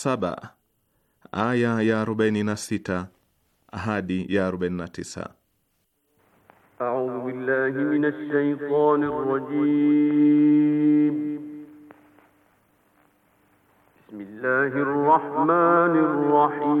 saba aya ya arobaini na sita hadi ya arobaini na tisa. A'udhu billahi minash shaitani rajim. Bismillahir rahmanir rahim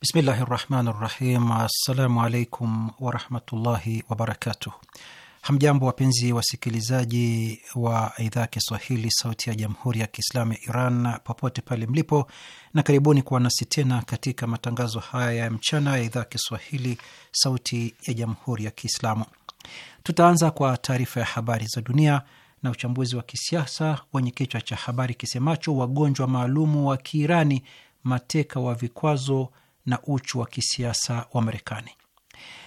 Bismillahi rahmani rahim. Assalamu alaikum warahmatullahi wabarakatuh. Hamjambo wapenzi wasikilizaji wa idhaa ya Kiswahili sauti ya jamhuri ya Kiislamu ya Iran popote pale mlipo, na karibuni kuwa nasi tena katika matangazo haya ya mchana ya idhaa ya Kiswahili sauti ya jamhuri ya Kiislamu. Tutaanza kwa taarifa ya habari za dunia na uchambuzi wa kisiasa wenye kichwa cha habari kisemacho wagonjwa maalumu wa Kiirani mateka wa vikwazo na uchu wa kisiasa wa Marekani.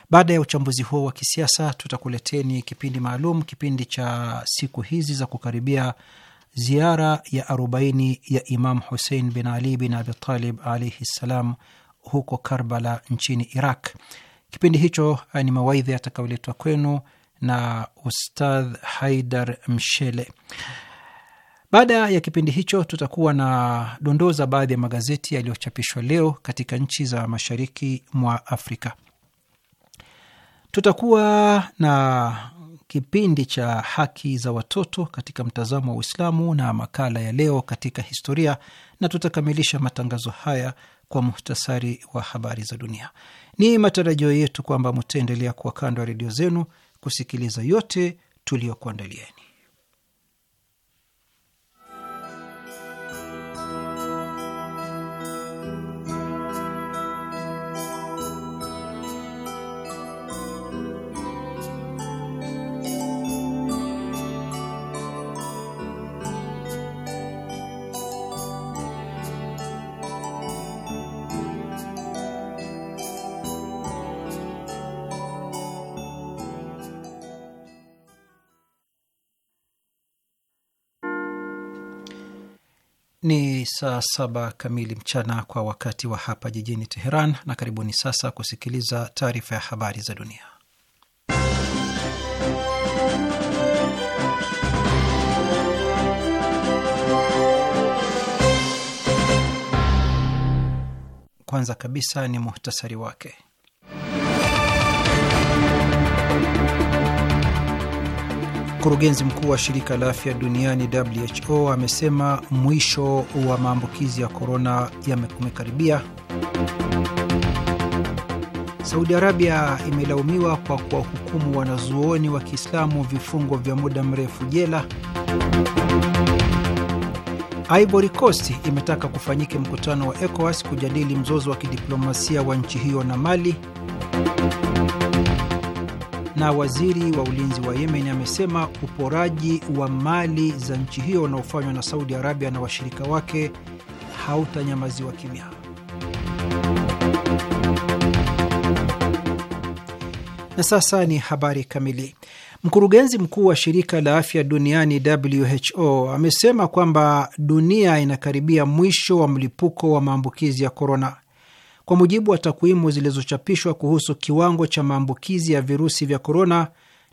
Baada ya uchambuzi huo wa kisiasa, tutakuleteni kipindi maalum, kipindi cha siku hizi za kukaribia ziara ya arobaini ya Imam Husein bin Ali bin Abitalib alaihi ssalam huko Karbala nchini Iraq. Kipindi hicho eh, ni mawaidha yatakayoletwa kwenu na Ustadh Haidar Mshele. Baada ya kipindi hicho, tutakuwa na dondoo za baadhi ya magazeti yaliyochapishwa leo katika nchi za mashariki mwa Afrika. Tutakuwa na kipindi cha haki za watoto katika mtazamo wa Uislamu na makala ya leo katika historia, na tutakamilisha matangazo haya kwa muhtasari wa habari za dunia. Ni matarajio yetu kwamba mtaendelea kuwa kando ya redio zenu kusikiliza yote tuliyokuandalieni. Ni saa saba kamili mchana kwa wakati wa hapa jijini Teheran, na karibuni sasa kusikiliza taarifa ya habari za dunia. Kwanza kabisa ni muhtasari wake. Mkurugenzi mkuu wa shirika la afya duniani WHO amesema mwisho wa maambukizi ya korona yamekaribia. Saudi Arabia imelaumiwa kwa kuwahukumu wanazuoni wa Kiislamu vifungo vya muda mrefu jela. Ivory Coast imetaka kufanyike mkutano wa ECOWAS kujadili mzozo wa kidiplomasia wa nchi hiyo na Mali na waziri wa ulinzi wa Yemen amesema uporaji wa mali za nchi hiyo unaofanywa na Saudi Arabia na washirika wake hautanyamaziwa kimya. Na sasa ni habari kamili. Mkurugenzi mkuu wa shirika la afya duniani WHO amesema kwamba dunia inakaribia mwisho wa mlipuko wa maambukizi ya korona. Kwa mujibu wa takwimu zilizochapishwa kuhusu kiwango cha maambukizi ya virusi vya korona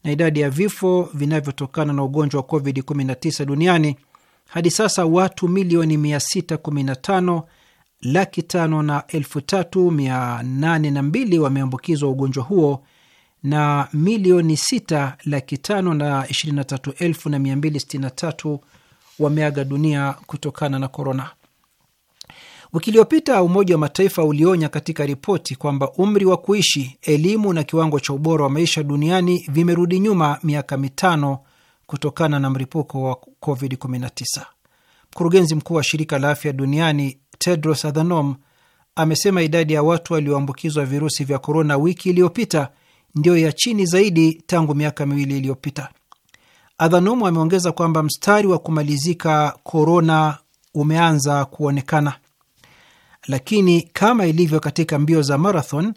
na idadi ya vifo vinavyotokana na ugonjwa wa COVID-19 duniani hadi sasa watu milioni 615 laki tano na elfu tatu mia nane na mbili wameambukizwa ugonjwa huo na milioni 6 laki tano na ishirini elfu na wameaga dunia kutokana na korona. Wiki iliyopita Umoja wa Mataifa ulionya katika ripoti kwamba umri wa kuishi, elimu na kiwango cha ubora wa maisha duniani vimerudi nyuma miaka mitano kutokana na mlipuko wa COVID-19. Mkurugenzi mkuu wa shirika la afya duniani Tedros Adhanom amesema idadi ya watu walioambukizwa virusi vya korona wiki iliyopita ndiyo ya chini zaidi tangu miaka miwili iliyopita. Adhanom ameongeza kwamba mstari wa kumalizika korona umeanza kuonekana lakini kama ilivyo katika mbio za marathon,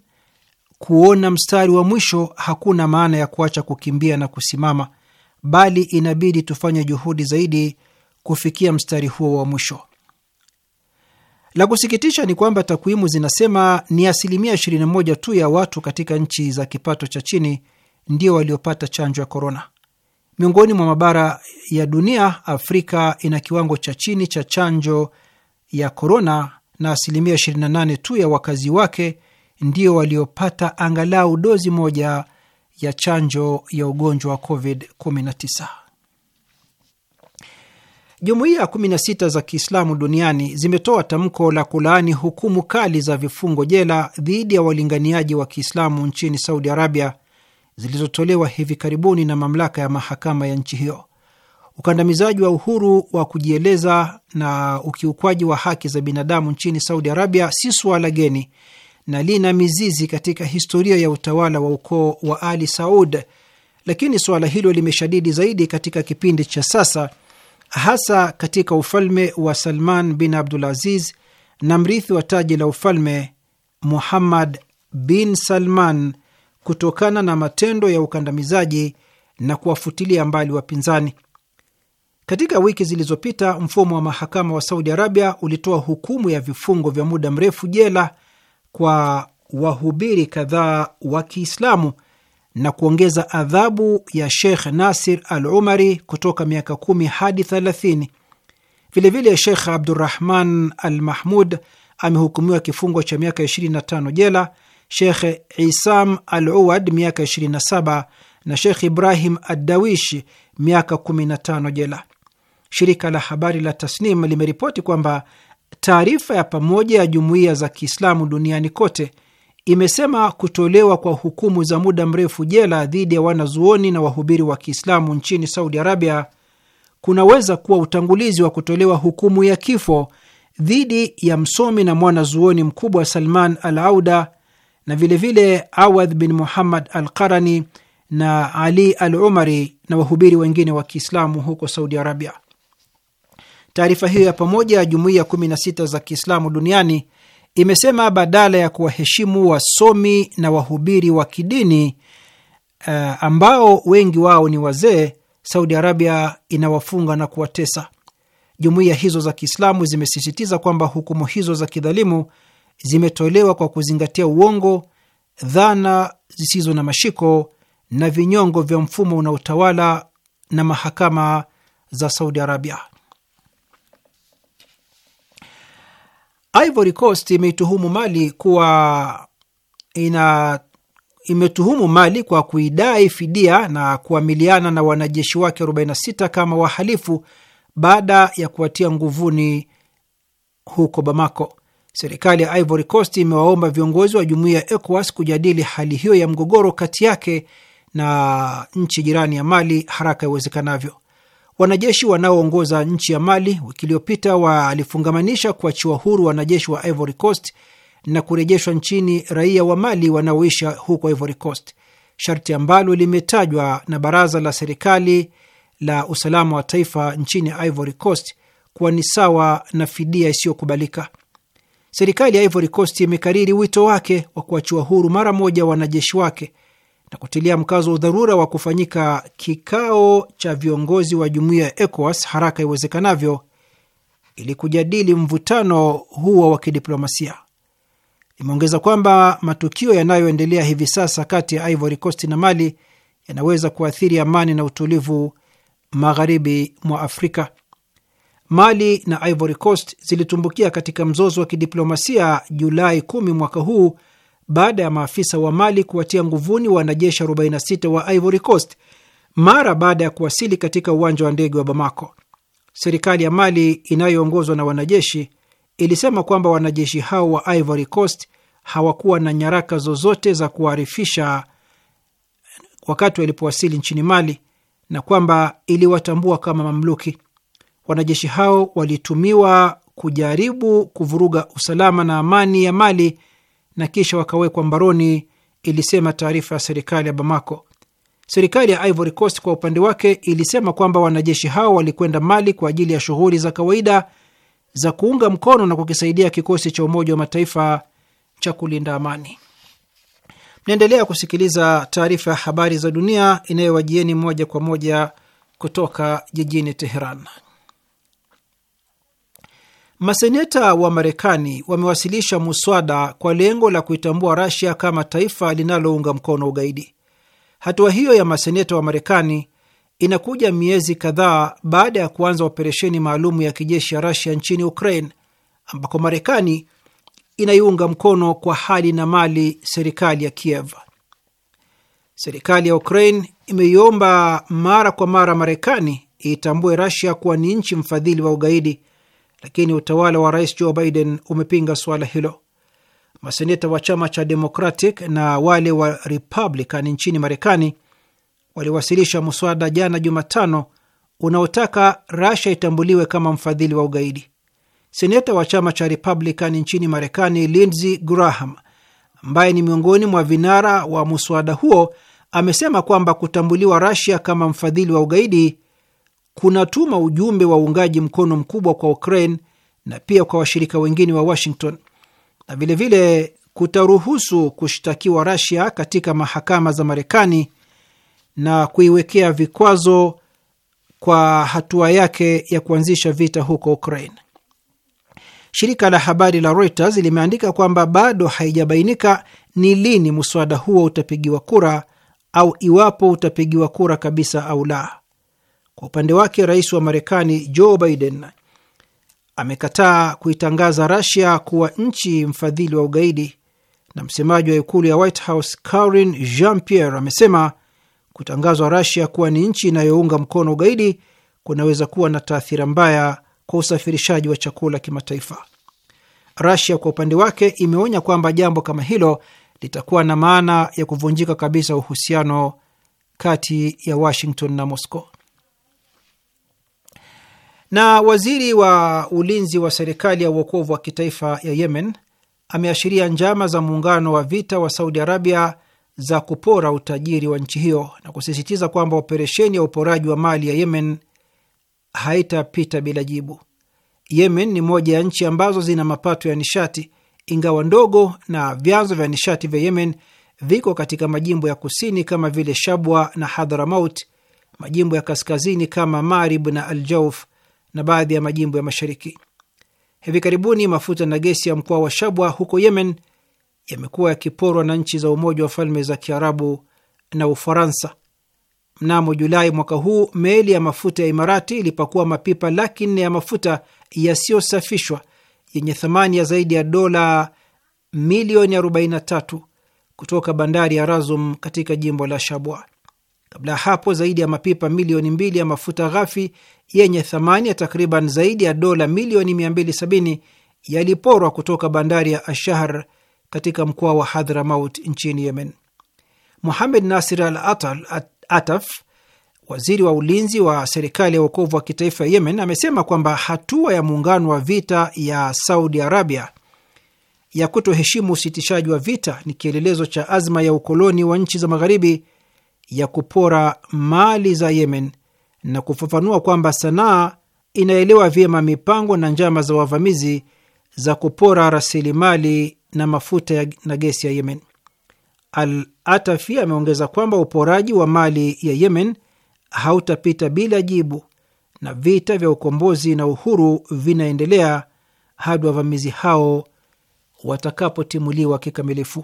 kuona mstari wa mwisho hakuna maana ya kuacha kukimbia na kusimama, bali inabidi tufanye juhudi zaidi kufikia mstari huo wa mwisho. La kusikitisha ni kwamba takwimu zinasema ni asilimia 21 tu ya watu katika nchi za kipato cha chini ndio waliopata chanjo ya korona. Miongoni mwa mabara ya dunia, Afrika ina kiwango cha chini cha chanjo ya korona na asilimia 28 tu ya wakazi wake ndio waliopata angalau dozi moja ya chanjo ya ugonjwa wa COVID-19. Jumuiya 16 za Kiislamu duniani zimetoa tamko la kulaani hukumu kali za vifungo jela dhidi ya walinganiaji wa Kiislamu nchini Saudi Arabia zilizotolewa hivi karibuni na mamlaka ya mahakama ya nchi hiyo. Ukandamizaji wa uhuru wa kujieleza na ukiukwaji wa haki za binadamu nchini Saudi Arabia si suala geni na lina mizizi katika historia ya utawala wa ukoo wa Ali Saud, lakini suala hilo limeshadidi zaidi katika kipindi cha sasa, hasa katika ufalme wa Salman bin abdul aziz na mrithi wa taji la ufalme Muhammad bin Salman, kutokana na matendo ya ukandamizaji na kuwafutilia mbali wapinzani. Katika wiki zilizopita, mfumo wa mahakama wa Saudi Arabia ulitoa hukumu ya vifungo vya muda mrefu jela kwa wahubiri kadhaa wa Kiislamu na kuongeza adhabu ya Sheikh Nasir Al Umari kutoka miaka kumi hadi thelathini. Vilevile, Sheikh Abdurahman Al Mahmud amehukumiwa kifungo cha miaka 25 jela, Sheikh Isam Al Uwad miaka 27 na Sheikh Ibrahim Adawishi miaka 15 jela. Shirika la habari la Tasnim limeripoti kwamba taarifa ya pamoja ya jumuiya za Kiislamu duniani kote imesema kutolewa kwa hukumu za muda mrefu jela dhidi ya wanazuoni na wahubiri wa Kiislamu nchini Saudi Arabia kunaweza kuwa utangulizi wa kutolewa hukumu ya kifo dhidi ya msomi na mwanazuoni mkubwa Salman Al Auda na vilevile Awadh bin Muhammad Al Qarani na Ali Al Umari na wahubiri wengine wa Kiislamu huko Saudi Arabia. Taarifa hiyo ya pamoja ya jumuiya 16 za Kiislamu duniani imesema badala ya kuwaheshimu wasomi na wahubiri wa kidini uh, ambao wengi wao ni wazee, Saudi Arabia inawafunga na kuwatesa. Jumuiya hizo za Kiislamu zimesisitiza kwamba hukumu hizo za kidhalimu zimetolewa kwa kuzingatia uongo, dhana zisizo na mashiko na vinyongo vya mfumo unaotawala na mahakama za Saudi Arabia. Ivory Coast imeituhumu Mali kuwa ina imetuhumu Mali kwa kuidai fidia na kuamiliana na wanajeshi wake 46 kama wahalifu baada ya kuwatia nguvuni huko Bamako. Serikali ya Ivory Coast imewaomba viongozi wa jumuiya ya ECOWAS kujadili hali hiyo ya mgogoro kati yake na nchi jirani ya Mali haraka iwezekanavyo. Wanajeshi wanaoongoza nchi ya Mali wiki iliyopita walifungamanisha kuachiwa huru wanajeshi wa Ivory Coast na kurejeshwa nchini raia wa Mali wanaoishi huko Ivory Coast, sharti ambalo limetajwa na baraza la serikali la usalama wa taifa nchini Ivory Coast kuwa ni sawa na fidia isiyokubalika. Serikali ya Ivory Coast imekariri wito wake wa kuachiwa huru mara moja wanajeshi wake na kutilia mkazo wa udharura wa kufanyika kikao cha viongozi wa jumuiya ya ECOWAS haraka iwezekanavyo ili kujadili mvutano huo wa kidiplomasia. Imeongeza kwamba matukio yanayoendelea hivi sasa kati ya Ivory Coast na Mali yanaweza kuathiri amani na utulivu magharibi mwa Afrika. Mali na Ivory Coast zilitumbukia katika mzozo wa kidiplomasia Julai kumi mwaka huu baada ya maafisa wa Mali kuwatia nguvuni wanajeshi 46 wa Ivory Coast mara baada ya kuwasili katika uwanja wa ndege wa Bamako. Serikali ya Mali inayoongozwa na wanajeshi ilisema kwamba wanajeshi hao wa Ivory Coast hawakuwa na nyaraka zozote za kuwaarifisha wakati walipowasili nchini Mali na kwamba iliwatambua kama mamluki. Wanajeshi hao walitumiwa kujaribu kuvuruga usalama na amani ya Mali na kisha wakawekwa mbaroni, ilisema taarifa ya serikali ya Bamako. Serikali ya Ivory Coast kwa upande wake ilisema kwamba wanajeshi hao walikwenda Mali kwa ajili ya shughuli za kawaida za kuunga mkono na kukisaidia kikosi cha Umoja wa Mataifa cha kulinda amani. Mnaendelea kusikiliza taarifa ya habari za dunia inayowajieni moja kwa moja kutoka jijini Teheran. Maseneta wa Marekani wamewasilisha muswada kwa lengo la kuitambua Rasia kama taifa linalounga mkono ugaidi. Hatua hiyo ya maseneta wa Marekani inakuja miezi kadhaa baada ya kuanza operesheni maalum ya kijeshi ya Rasia nchini Ukraine, ambako Marekani inaiunga mkono kwa hali na mali serikali ya Kiev. Serikali ya Ukraine imeiomba mara kwa mara Marekani iitambue Rasia kuwa ni nchi mfadhili wa ugaidi lakini utawala wa rais Joe Biden umepinga suala hilo. Maseneta wa chama cha Democratic na wale wa Republican nchini Marekani waliwasilisha mswada jana Jumatano unaotaka rasha itambuliwe kama mfadhili wa ugaidi. Seneta wa chama cha Republican nchini Marekani Lindsey Graham, ambaye ni miongoni mwa vinara wa mswada huo, amesema kwamba kutambuliwa rasia kama mfadhili wa ugaidi kunatuma ujumbe wa uungaji mkono mkubwa kwa Ukraine na pia kwa washirika wengine wa Washington na vilevile kutaruhusu kushtakiwa Russia katika mahakama za Marekani na kuiwekea vikwazo kwa hatua yake ya kuanzisha vita huko Ukraine. Shirika la habari la Reuters limeandika kwamba bado haijabainika ni lini mswada huo utapigiwa kura au iwapo utapigiwa kura kabisa au la. Kwa upande wake, rais wa Marekani Joe Biden amekataa kuitangaza Rasia kuwa nchi mfadhili wa ugaidi, na msemaji wa ikulu ya White House Karine Jean-Pierre amesema kutangazwa Rasia kuwa ni nchi inayounga mkono ugaidi kunaweza kuwa na taathira mbaya kwa usafirishaji wa chakula kimataifa. Rasia kwa upande wake imeonya kwamba jambo kama hilo litakuwa na maana ya kuvunjika kabisa uhusiano kati ya Washington na Moscow. Na waziri wa ulinzi wa serikali ya uokovu wa kitaifa ya Yemen ameashiria njama za muungano wa vita wa Saudi Arabia za kupora utajiri wa nchi hiyo na kusisitiza kwamba operesheni ya uporaji wa mali ya Yemen haitapita bila jibu. Yemen ni moja ya nchi ambazo zina mapato ya nishati ingawa ndogo, na vyanzo vya nishati vya Yemen viko katika majimbo ya kusini kama vile Shabwa na Hadhramaut, majimbo ya kaskazini kama Marib na Aljauf na baadhi ya majimbo ya mashariki. Hivi karibuni mafuta na gesi ya mkoa wa Shabwa huko Yemen yamekuwa yakiporwa na nchi za Umoja wa Falme za Kiarabu na Ufaransa. Mnamo Julai mwaka huu meli ya mafuta ya Imarati ilipakua mapipa laki nne ya mafuta yasiyosafishwa yenye thamani ya zaidi ya dola milioni 43 kutoka bandari ya Razum katika jimbo la Shabwa. Kabla ya hapo, zaidi ya mapipa milioni mbili ya mafuta ghafi yenye thamani ya takriban zaidi ya dola milioni 270 yaliporwa kutoka bandari ya Ashahr katika mkoa wa Hadhramaut nchini Yemen. Muhamed Nasir Al Ataf, waziri wa ulinzi wa serikali ya uokovu wa kitaifa ya Yemen, amesema kwamba hatua ya muungano wa vita ya Saudi Arabia ya kutoheshimu usitishaji wa vita ni kielelezo cha azma ya ukoloni wa nchi za Magharibi ya kupora mali za Yemen na kufafanua kwamba Sanaa inaelewa vyema mipango na njama za wavamizi za kupora rasilimali na mafuta ya, na gesi ya Yemen. Al-Atafi ameongeza kwamba uporaji wa mali ya Yemen hautapita bila jibu na vita vya ukombozi na uhuru vinaendelea hadi wavamizi hao watakapotimuliwa kikamilifu.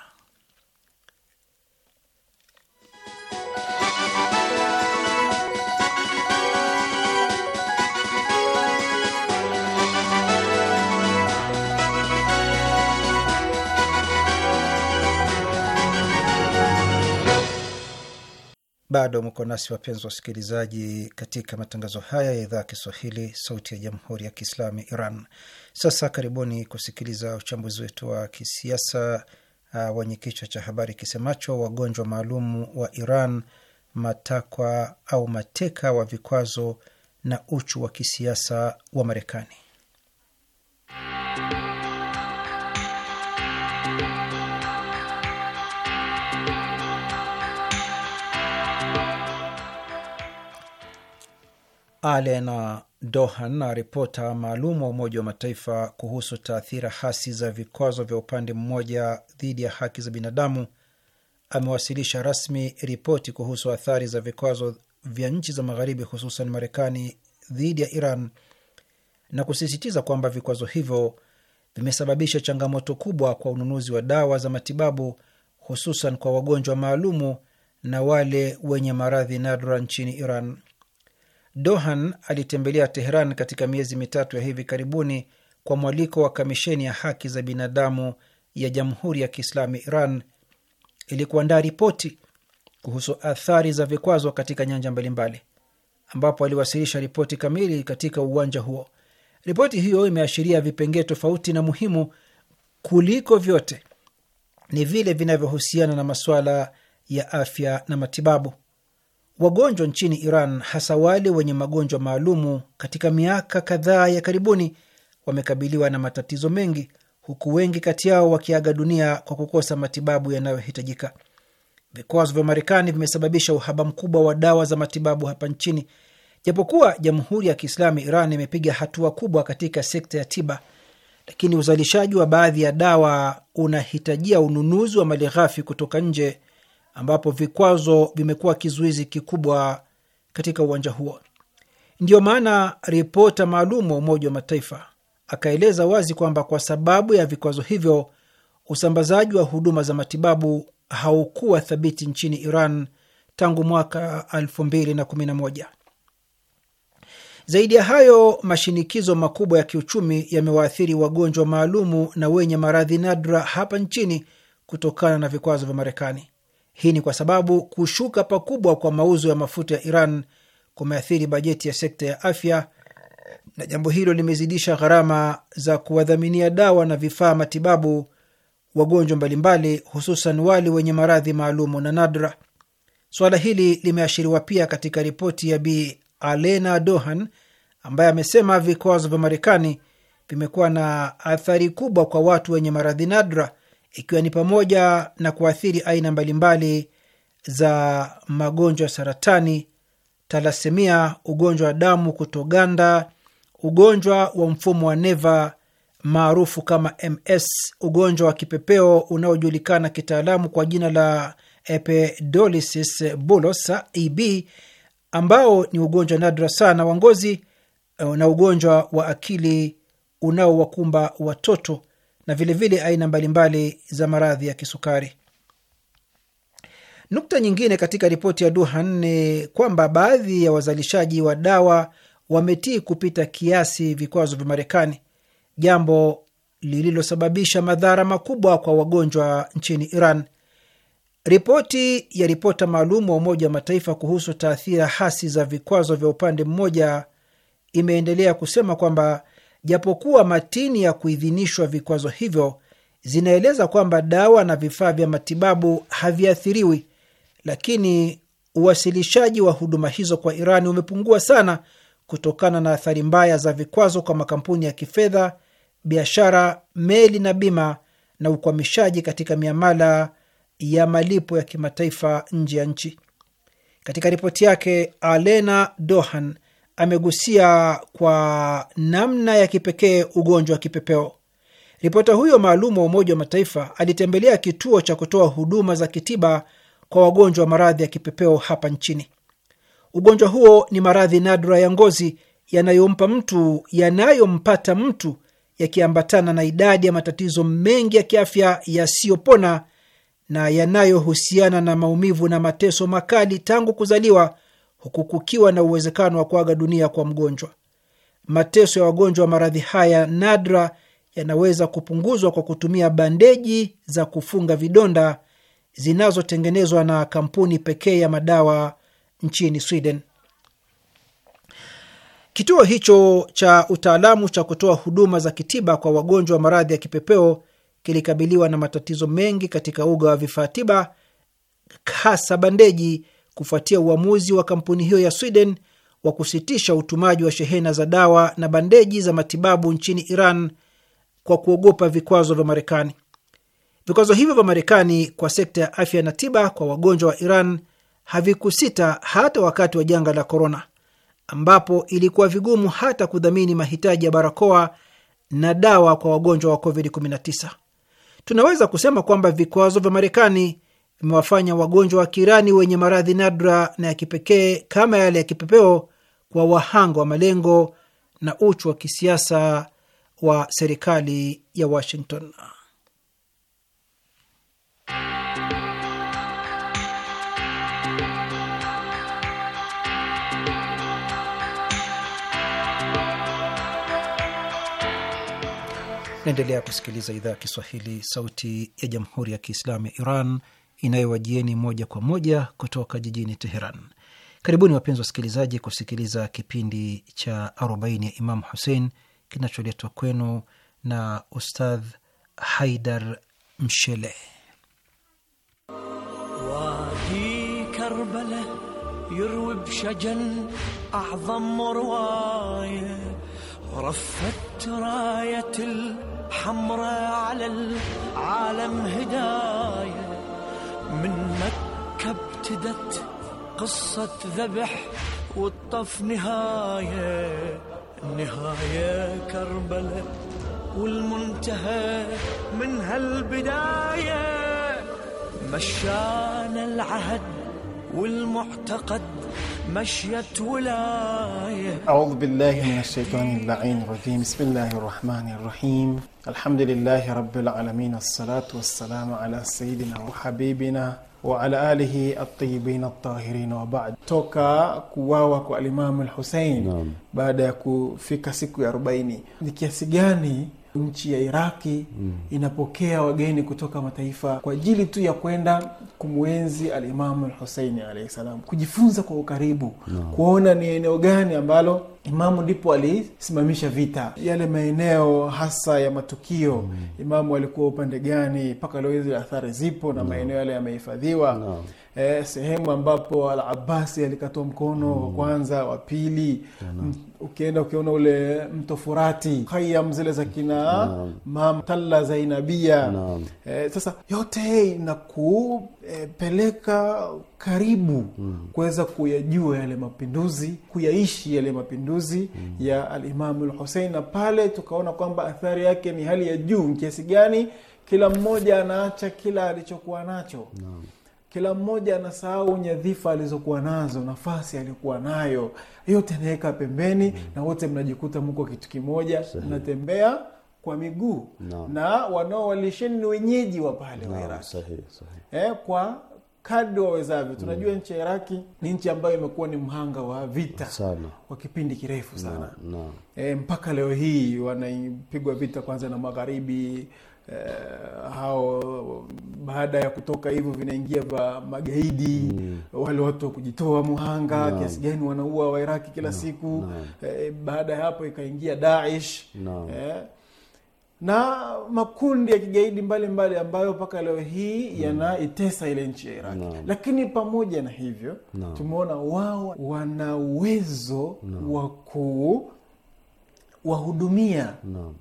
Bado mko nasi wapenzi wasikilizaji, katika matangazo haya ya idhaa ya Kiswahili, sauti ya jamhuri ya kiislamu Iran. Sasa karibuni kusikiliza uchambuzi wetu wa kisiasa uh, wenye kichwa cha habari kisemacho wagonjwa maalum wa Iran, matakwa au mateka wa vikwazo na uchu wa kisiasa wa Marekani. Alena Dohan, na ripota maalum wa Umoja wa Mataifa kuhusu taathira hasi za vikwazo vya upande mmoja dhidi ya haki za binadamu, amewasilisha rasmi ripoti kuhusu athari za vikwazo vya nchi za Magharibi, hususan Marekani dhidi ya Iran na kusisitiza kwamba vikwazo hivyo vimesababisha changamoto kubwa kwa ununuzi wa dawa za matibabu hususan kwa wagonjwa maalumu na wale wenye maradhi nadra nchini Iran. Dohan alitembelea Teheran katika miezi mitatu ya hivi karibuni kwa mwaliko wa kamisheni ya haki za binadamu ya Jamhuri ya Kiislamu Iran ili kuandaa ripoti kuhusu athari za vikwazo katika nyanja mbalimbali, ambapo aliwasilisha ripoti kamili katika uwanja huo. Ripoti hiyo imeashiria vipengee tofauti na muhimu kuliko vyote ni vile vinavyohusiana na masuala ya afya na matibabu. Wagonjwa nchini Iran, hasa wale wenye magonjwa maalumu, katika miaka kadhaa ya karibuni wamekabiliwa na matatizo mengi, huku wengi kati yao wakiaga dunia kwa kukosa matibabu yanayohitajika. Vikwazo vya Marekani vimesababisha uhaba mkubwa wa dawa za matibabu hapa nchini. Japokuwa Jamhuri ya Kiislamu Iran imepiga hatua kubwa katika sekta ya tiba, lakini uzalishaji wa baadhi ya dawa unahitajia ununuzi wa malighafi kutoka nje ambapo vikwazo vimekuwa kizuizi kikubwa katika uwanja huo. Ndiyo maana ripota maalum wa Umoja wa Mataifa akaeleza wazi kwamba kwa sababu ya vikwazo hivyo usambazaji wa huduma za matibabu haukuwa thabiti nchini Iran tangu mwaka 2011. Zaidi ya hayo, mashinikizo makubwa ya kiuchumi yamewaathiri wagonjwa maalumu na wenye maradhi nadra hapa nchini kutokana na vikwazo vya Marekani. Hii ni kwa sababu kushuka pakubwa kwa mauzo ya mafuta ya Iran kumeathiri bajeti ya sekta ya afya, na jambo hilo limezidisha gharama za kuwadhaminia dawa na vifaa matibabu wagonjwa mbalimbali, hususan wale wenye maradhi maalumu na nadra. Suala hili limeashiriwa pia katika ripoti ya Bi Alena Dohan ambaye amesema vikwazo vya Marekani vimekuwa na athari kubwa kwa watu wenye maradhi nadra ikiwa ni pamoja na kuathiri aina mbalimbali za magonjwa ya saratani, talasemia, ugonjwa wa damu kutoganda, ugonjwa wa mfumo wa neva maarufu kama MS, ugonjwa wa kipepeo unaojulikana kitaalamu kwa jina la epidolisis bullosa EB, ambao ni ugonjwa nadra sana wa ngozi, eh, na ugonjwa wa akili unaowakumba watoto na vilevile vile aina mbalimbali za maradhi ya kisukari. Nukta nyingine katika ripoti ya Duhan ni kwamba baadhi ya wazalishaji wa dawa wametii kupita kiasi vikwazo vya Marekani, jambo lililosababisha madhara makubwa kwa wagonjwa nchini Iran. Ripoti ya ripota maalum wa Umoja wa Mataifa kuhusu taathira hasi za vikwazo vya upande mmoja imeendelea kusema kwamba japokuwa matini ya kuidhinishwa vikwazo hivyo zinaeleza kwamba dawa na vifaa vya matibabu haviathiriwi, lakini uwasilishaji wa huduma hizo kwa Irani umepungua sana kutokana na athari mbaya za vikwazo kwa makampuni ya kifedha, biashara, meli na bima na ukwamishaji katika miamala ya malipo ya kimataifa nje ya nchi. Katika ripoti yake, Alena Dohan amegusia kwa namna ya kipekee ugonjwa wa kipepeo. Ripota huyo maalum wa Umoja wa Mataifa alitembelea kituo cha kutoa huduma za kitiba kwa wagonjwa wa maradhi ya kipepeo hapa nchini. Ugonjwa huo ni maradhi nadra ya ngozi yanayompa mtu yanayompata mtu yakiambatana na idadi ya matatizo mengi ya kiafya yasiyopona na yanayohusiana na maumivu na mateso makali tangu kuzaliwa huku kukiwa na uwezekano wa kuaga dunia kwa mgonjwa. Mateso ya wagonjwa wa maradhi haya nadra yanaweza kupunguzwa kwa kutumia bandeji za kufunga vidonda zinazotengenezwa na kampuni pekee ya madawa nchini Sweden. Kituo hicho cha utaalamu cha kutoa huduma za kitiba kwa wagonjwa wa maradhi ya kipepeo kilikabiliwa na matatizo mengi katika uga wa vifaa tiba, hasa bandeji kufuatia uamuzi wa kampuni hiyo ya Sweden wa kusitisha utumaji wa shehena za dawa na bandeji za matibabu nchini Iran kwa kuogopa vikwazo vya Marekani. Vikwazo hivyo vya Marekani kwa sekta ya afya na tiba kwa wagonjwa wa Iran havikusita hata wakati wa janga la korona, ambapo ilikuwa vigumu hata kudhamini mahitaji ya barakoa na dawa kwa wagonjwa wa COVID-19. Tunaweza kusema kwamba vikwazo vya Marekani imewafanya wagonjwa wa kirani wenye maradhi nadra na ya kipekee kama yale ya kipepeo kwa wahanga wa malengo na uchu wa kisiasa wa serikali ya Washington. Naendelea kusikiliza idhaa ya Kiswahili, sauti ya jamhuri ya kiislamu ya Iran inayowajieni moja kwa moja kutoka jijini Teheran. Karibuni wapenzi wasikilizaji, kusikiliza kipindi cha 4 ya Imamu Husein kinacholetwa kwenu na Ustadh Haidar Mshele. من مكة ابتدت قصة ذبح والطف نهاية النهاية كربلة والمنتهى من هالبداية مشانا العهد والمعتقد مشيت ولاية أعوذ بالله من الشيطان اللعين الرجيم بسم الله الرحمن الرحيم الحمد لله رب العالمين الصلاة والسلام على سيدنا وحبيبنا وعلى آله الطيبين الطاهرين وبعد توكا kuwawa kwa الحسين al-Husein naam. baada ya kufika siku ya nchi ya Iraki mm. inapokea wageni kutoka mataifa kwa ajili tu ya kwenda kumwenzi Alimamu lhuseini alahi salam, kujifunza kwa ukaribu no. kuona ni eneo gani ambalo Imamu ndipo alisimamisha vita, yale maeneo hasa ya matukio mm. Imamu alikuwa upande gani? Mpaka leo hizi athari zipo na no. maeneo yale yamehifadhiwa no. Eh, sehemu ambapo Al Abasi alikatwa mkono wa mm. kwanza wa pili no ukienda ukiona ule mto Furati, khayam zile za kina mam Zainabia. E, sasa yote nakupeleka e, karibu mm. kuweza kuyajua yale mapinduzi, kuyaishi yale mapinduzi mm. ya alimamu Lhusein, na pale tukaona kwamba athari yake ni hali ya juu kiasi gani, kila mmoja anaacha kila alichokuwa nacho no kila mmoja anasahau nyadhifa alizokuwa nazo, nafasi aliyokuwa nayo, yote anaweka pembeni mm. na wote mnajikuta mko kitu kimoja, mnatembea kwa miguu no. na wanaowalisheni ni wenyeji wa pale no, wa sahi. eh, kwa kadi wawezavyo. Tunajua mm. nchi ya Iraki ni nchi ambayo imekuwa ni mhanga wa vita sana kwa kipindi kirefu sana no, no. Eh, e, mpaka leo hii wanapigwa vita kwanza na magharibi Eh, hao baada ya kutoka hivyo vinaingia vya magaidi mm. wale watu wa kujitoa muhanga no. kiasi gani wanaua Wairaki kila no. siku no. Eh, baada ya hapo ikaingia daish no. eh, na makundi ya kigaidi mbalimbali mbali ambayo mpaka leo hii mm. yanaitesa ile nchi ya Iraki no. Lakini pamoja na hivyo no. tumeona wao wana uwezo no. wa kuwahudumia no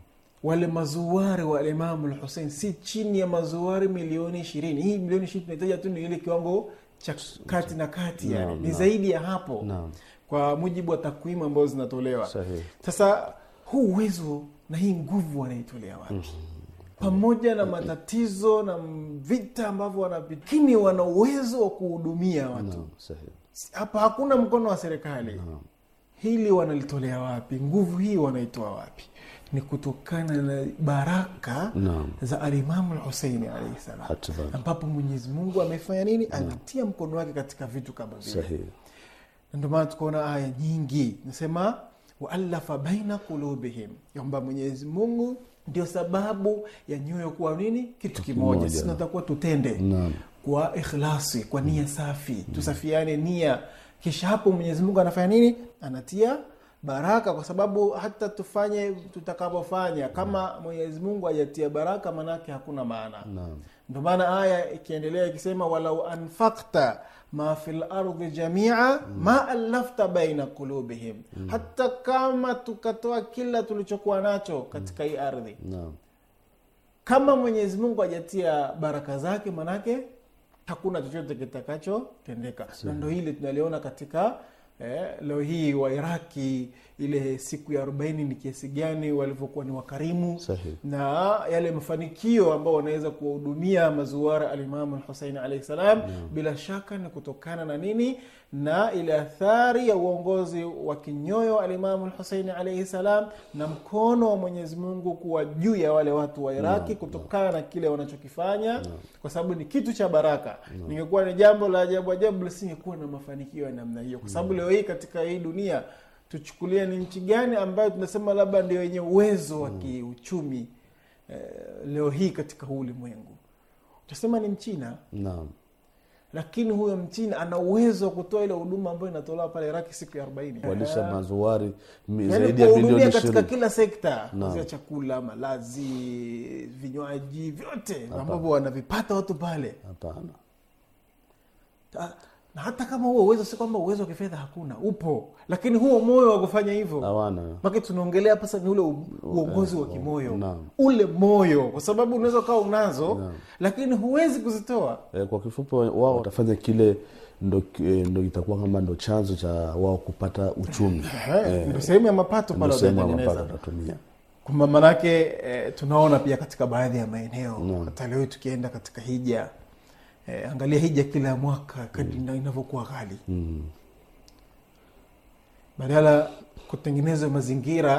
wale mazuwari wa Alimamu Lhusein si chini ya mazuwari milioni ishirini. Hii milioni ishirini tunahitaja tu ni ile kiwango cha kati na kati, yani ni zaidi ya hapo no. Kwa mujibu wa takwimu ambazo zinatolewa Sasa huu uwezo na hii nguvu wanaitolea wapi? mm -hmm. Pamoja na matatizo na vita ambavyo wanavikini wana uwezo wa kuhudumia watu hapa no. Hakuna mkono wa serikali no. Hili wanalitolea wapi? Nguvu hii wanaitoa wapi? ni kutokana na baraka no. za Alimamu Lhuseini alaihi salam, ambapo Mwenyezi Mungu amefanya nini? no. ametia mkono wake katika vitu kama vile, ndio maana tukaona aya nyingi nasema waalafa baina kulubihim, kwamba Mwenyezi Mungu ndio sababu ya nyoyo kuwa nini kitu kimoja. Sisi natakuwa tutende no. kwa ikhlasi, kwa nia safi, no. tusafiane nia, kisha hapo Mwenyezi Mungu anafanya nini? anatia baraka kwa sababu hata tufanye tutakavyofanya kama mwenyezi mungu baraka manake hakuna maana ndio maana aya ikiendelea ikisema walau anfakta ma fi lardi jamia mm. ma alafta baina kulubihim mm. hata kama tukatoa kila tulichokuwa nacho katika hii mm. ardhi kama mwenyezi mungu baraka zake manake hakuna chochote kitakachotendeka na ndo hili tunaliona katika eh, leo hii Wairaki ile siku ya arobaini ni kiasi gani walivyokuwa ni wakarimu Sahi. na yale mafanikio ambao wanaweza kuwahudumia mazuara Alimamu Alhusaini alaihi salam mm. bila shaka ni kutokana na nini na ile athari ya uongozi wa kinyoyo alimamu lhuseini alaihi salam na mkono wa mwenyezi mungu kuwa juu ya wale watu wa iraki no, kutokana no. na kile wanachokifanya no. kwa sababu ni kitu cha baraka no. ningekuwa ni jambo la ajabu ajabu lisingekuwa na mafanikio ya namna hiyo kwa sababu no. leo hii katika hii dunia tuchukulie ni nchi gani ambayo tunasema labda ndio yenye uwezo wa kiuchumi eh, leo hii katika huu ulimwengu utasema ni mchina no lakini huyo mchini ana uwezo wa kutoa ile huduma ambayo inatolewa pale Iraki siku ya arobaini walisha yaani mazuari zaidi ya milioni katika kila sekta kuzia chakula, malazi, vinywaji vyote ambavyo wanavipata watu pale. Hapana na hata kama huo uwezo si kwamba uwezo wa kifedha hakuna upo lakini huo moyo wa kufanya hivyo make tunaongelea pasa ni ule uongozi wa kimoyo na. ule moyo kwa sababu unaweza ukawa unazo na. lakini huwezi kuzitoa e, kwa kifupi wao watafanya kile ndo, eh, ndo itakuwa kama ndo chanzo cha wao kupata uchumi eh, ndo sehemu ya mapato pale kwamba manake e, tunaona pia katika baadhi ya maeneo hata leo tukienda katika hija eh, angalia hija kila mwaka kadi mm. inavyokuwa ghali mm. badala kutengeneza mazingira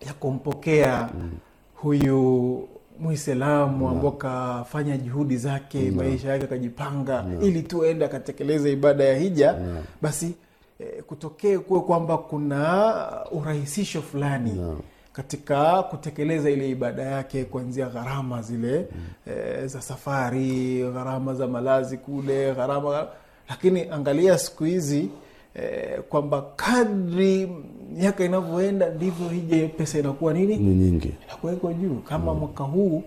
ya kumpokea mm. huyu mwislamu ambao kafanya juhudi zake na. maisha yake akajipanga ili tuende akatekeleza ibada ya hija na. basi e, kutokee kuwe kwamba kuna urahisisho fulani na katika kutekeleza ile ibada yake kuanzia gharama zile mm. e, za safari gharama za malazi kule gharama, lakini angalia siku hizi e, kwamba kadri miaka inavyoenda ndivyo hije pesa inakuwa nini ni nyingi inakuwa juu kama mm. mwaka huu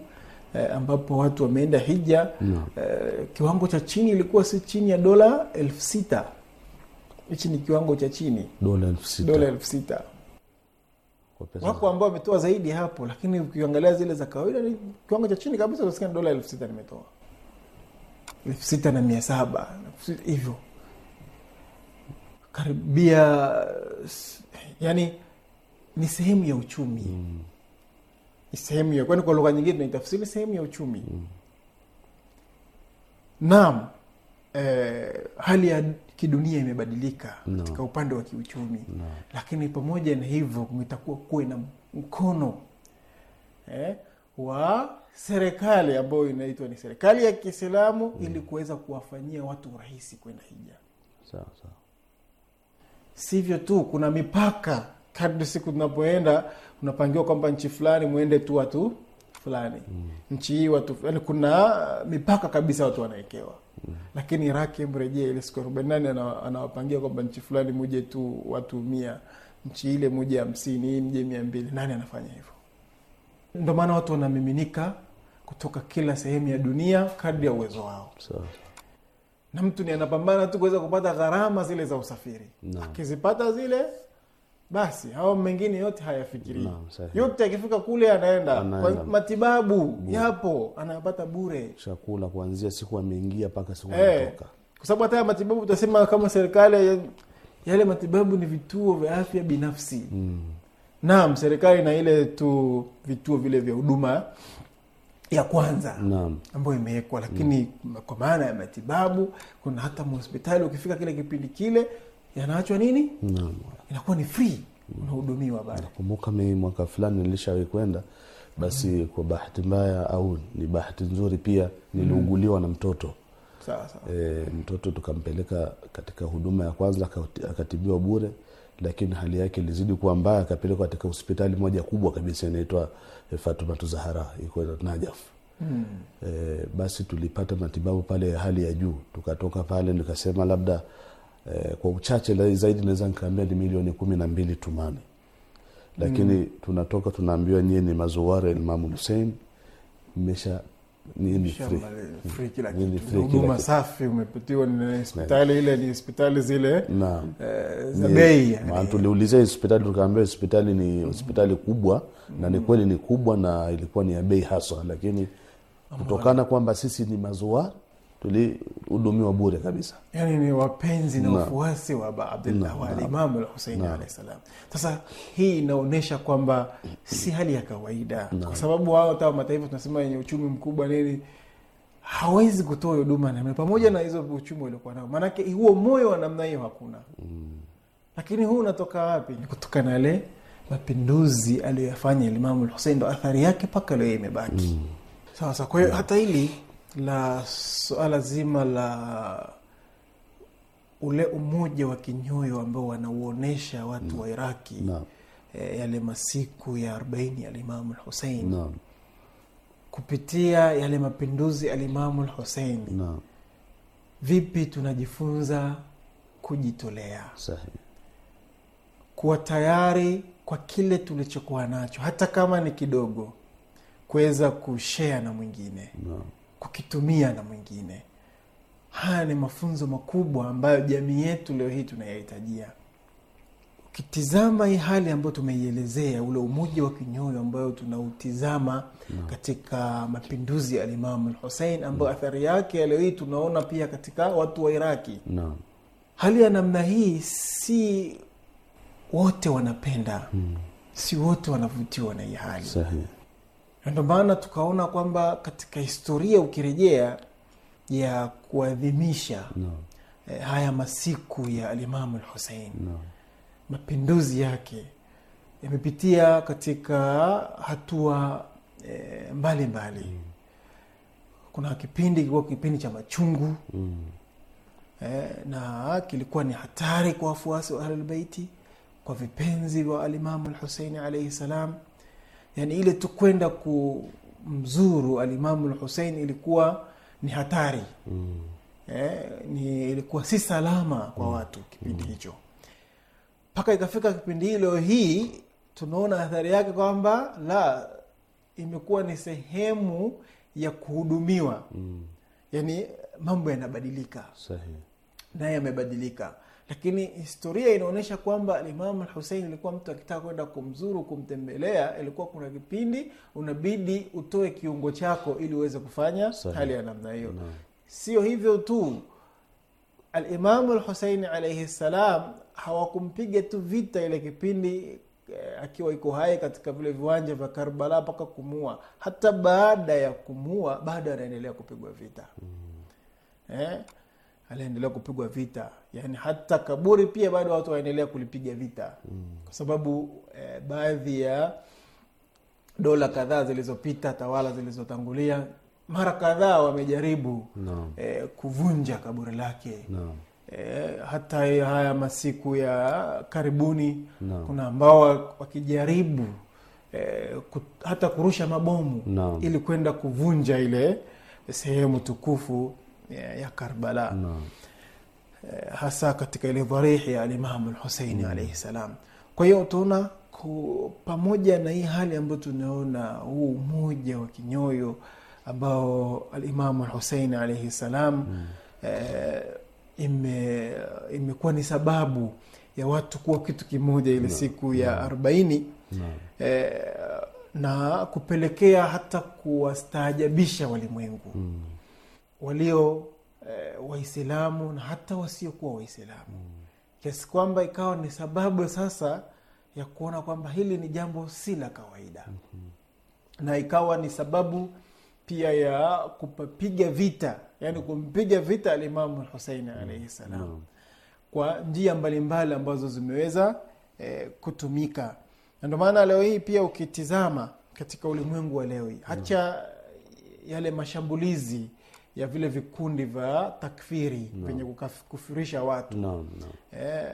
E, ambapo watu wameenda hija no. E, kiwango cha chini ilikuwa si chini ya dola elfu sita hichi ni kiwango cha chini dola elfu sita wako ambao wametoa zaidi hapo, lakini ukiangalia zile za kawaida ni kiwango cha chini kabisa. Utasikia dola elfu sita nimetoa elfu sita na mia saba hivyo karibia, yani ni sehemu ya uchumi mm. ni sehemu ya kwani, kwa lugha nyingine tunaitafsiri sehemu ya uchumi mm. Naam, eh, hali ya kidunia imebadilika no. katika upande wa kiuchumi no. Lakini pamoja na hivyo itakuwa kuwe na mkono eh, wa serikali ambayo inaitwa ni serikali ya Kiislamu mm. ili kuweza kuwafanyia watu rahisi kwenda hija sawa sawa. Sivyo tu kuna mipaka, kadri siku tunapoenda unapangiwa kwamba nchi fulani mwende tu watu fulani mm. nchi hii watu yani, kuna mipaka kabisa watu wanawekewa mm. Lakini Iraki mrejee ile siku arobaini nane anawapangia kwamba nchi fulani muje tu watu mia, nchi ile muje hamsini, hii mje mia mbili. Nani anafanya hivyo? Ndo maana watu wanamiminika kutoka kila sehemu ya dunia kadri ya uwezo wao so. Na mtu ni anapambana tu kuweza kupata gharama zile za usafiri no. Akizipata zile basi hao mengine yote hayafikirii yote akifika kule anaenda, anaenda. Kwa matibabu Bure. yapo anayapata bure chakula kuanzia siku ameingia mpaka siku anatoka eh, kwa sababu hata matibabu utasema kama serikali yale matibabu ni vituo vya afya binafsi mm. naam serikali na ile tu vituo vile vya huduma ya kwanza ambayo imewekwa mm. lakini mm. kwa maana ya matibabu kuna hata mhospitali ukifika kile kipindi kile yanaachwa nini naam inakuwa ni free, unahudumiwa Nakumbuka mwaka fulani nilishawai kwenda basi mm. kwa bahati mbaya au ni bahati nzuri pia niliuguliwa mm. na mtoto sawa sawa. E, mtoto tukampeleka katika huduma ya kwanza akatibiwa bure, lakini hali yake ilizidi kuwa mbaya, akapelekwa katika hospitali moja kubwa kabisa inaitwa e, Fatuma Zahara iko Najaf. Hmm. E, basi tulipata matibabu pale ya hali ya juu. Tukatoka pale nikasema labda Eh, kwa uchache zaidi naweza nikaambia ni milioni kumi na mbili tumani, lakini mm. tunatoka tunaambiwa nyie ni mazuwara Imamu husein mmesha ni mm. safi, umepitiwa hospitali ile, ni hospitali zile eh, za bei. tuliulizia hospitali, tukaambiwa hospitali ni mm. hospitali kubwa, na ni mm. kweli ni kubwa, na ilikuwa ni ya bei haswa, lakini kutokana kwamba sisi ni mazuari tulihudumiwa bure kabisa yani ni wapenzi na wafuasi wa abdullah walimamu alhuseini alahi salam sasa hii inaonyesha kwamba si hali ya kawaida na. kwa sababu hao hata mataifa tunasema yenye uchumi mkubwa nini hawezi kutoa huduma namna pamoja na hizo uchumi waliokuwa nao maanake huo moyo wa namna hiyo hakuna mm. lakini huu unatoka wapi ni kutokana yale mapinduzi aliyoyafanya limamu lhusein ndo athari yake mpaka leo imebaki mm. sasa kwa hiyo hata hili la suala zima la ule umoja wa kinyoyo ambao wanauonyesha watu mm. wa Iraki no. e, eh, yale masiku ya arobaini ya Alimamu Lhusein no. kupitia yale mapinduzi ya Alimamu Lhusein no. vipi tunajifunza kujitolea Sahi. kuwa tayari kwa kile tulichokuwa nacho hata kama ni kidogo kuweza kushea na mwingine no kukitumia na mwingine. Haya ni mafunzo makubwa ambayo jamii yetu leo hii tunayahitajia. Ukitizama hii hali ambayo tumeielezea, ule umoja wa kinyoyo ambayo tunautizama no. Mm. katika mapinduzi ya Alimamu lhusein ambayo no. Mm. athari yake leo hii tunaona pia katika watu wa Iraki no. hali ya namna hii, si wote wanapenda mm. si wote wanavutiwa na hii hali Sahi na ndio maana tukaona kwamba katika historia ukirejea ya kuadhimisha no. eh, haya masiku ya alimamu Lhusein no. mapinduzi yake yamepitia katika hatua eh, mbalimbali eh, mbali. mm. kuna kipindi kilikuwa kipindi cha machungu mm. eh, na kilikuwa ni hatari kwa wafuasi wa ahlulbeiti kwa vipenzi vya alimamu Lhuseini alaihi salam yani ile tu kwenda kumzuru alimamu lhusein ilikuwa ni hatari mm. eh, ni ilikuwa si salama kwa mm. watu kipindi mm. hicho mpaka ikafika kipindi hilo hii tunaona athari yake kwamba la imekuwa ni sehemu ya kuhudumiwa mm. yani mambo yanabadilika naye yamebadilika lakini historia inaonyesha kwamba limamu lhusein ilikuwa mtu akitaka kwenda kumzuru, kumtembelea, ilikuwa kuna kipindi unabidi utoe kiungo chako ili uweze kufanya Sahi. hali ya namna hiyo no. Sio hivyo tu, Alimamu lhuseini alaihi ssalam hawakumpiga tu vita ile kipindi eh, akiwa iko hai katika vile viwanja vya Karbala mpaka kumua. Hata baada ya kumua bado anaendelea kupigwa vita mm. eh? aliendelea kupigwa vita yani hata kaburi pia bado watu waendelea kulipiga vita mm. kwa sababu eh, baadhi ya dola kadhaa zilizopita tawala zilizotangulia mara kadhaa wamejaribu no. eh, kuvunja kaburi lake no. eh, hata haya masiku ya karibuni no. kuna ambao wakijaribu eh, kut, hata kurusha mabomu no. ili kwenda kuvunja ile sehemu tukufu ya Karbala no. Eh, hasa katika ile dharihi ya Alimamu Lhuseini mm. alaihi salam. Kwa hiyo utaona pamoja na hii hali ambayo tunaona huu umoja wa kinyoyo ambao Alimamu Lhuseini alaihi salam mm. eh, ime imekuwa ni sababu ya watu kuwa kitu kimoja ile no. siku ya no. arobaini no. eh, na kupelekea hata kuwastaajabisha walimwengu mm walio eh, Waislamu na hata wasiokuwa Waislamu mm. kiasi kwamba ikawa ni sababu sasa ya kuona kwamba hili ni jambo si la kawaida mm -hmm. na ikawa ni sababu pia ya kupiga vita yani kumpiga vita Alimamu mm. alaihi salam mm. kwa njia mbalimbali ambazo zimeweza eh, kutumika na ndio maana leo hii pia ukitizama katika ulimwengu wa leo hii mhm. hacha yale mashambulizi ya vile vikundi vya takfiri no. kukufurisha watu no, no. E,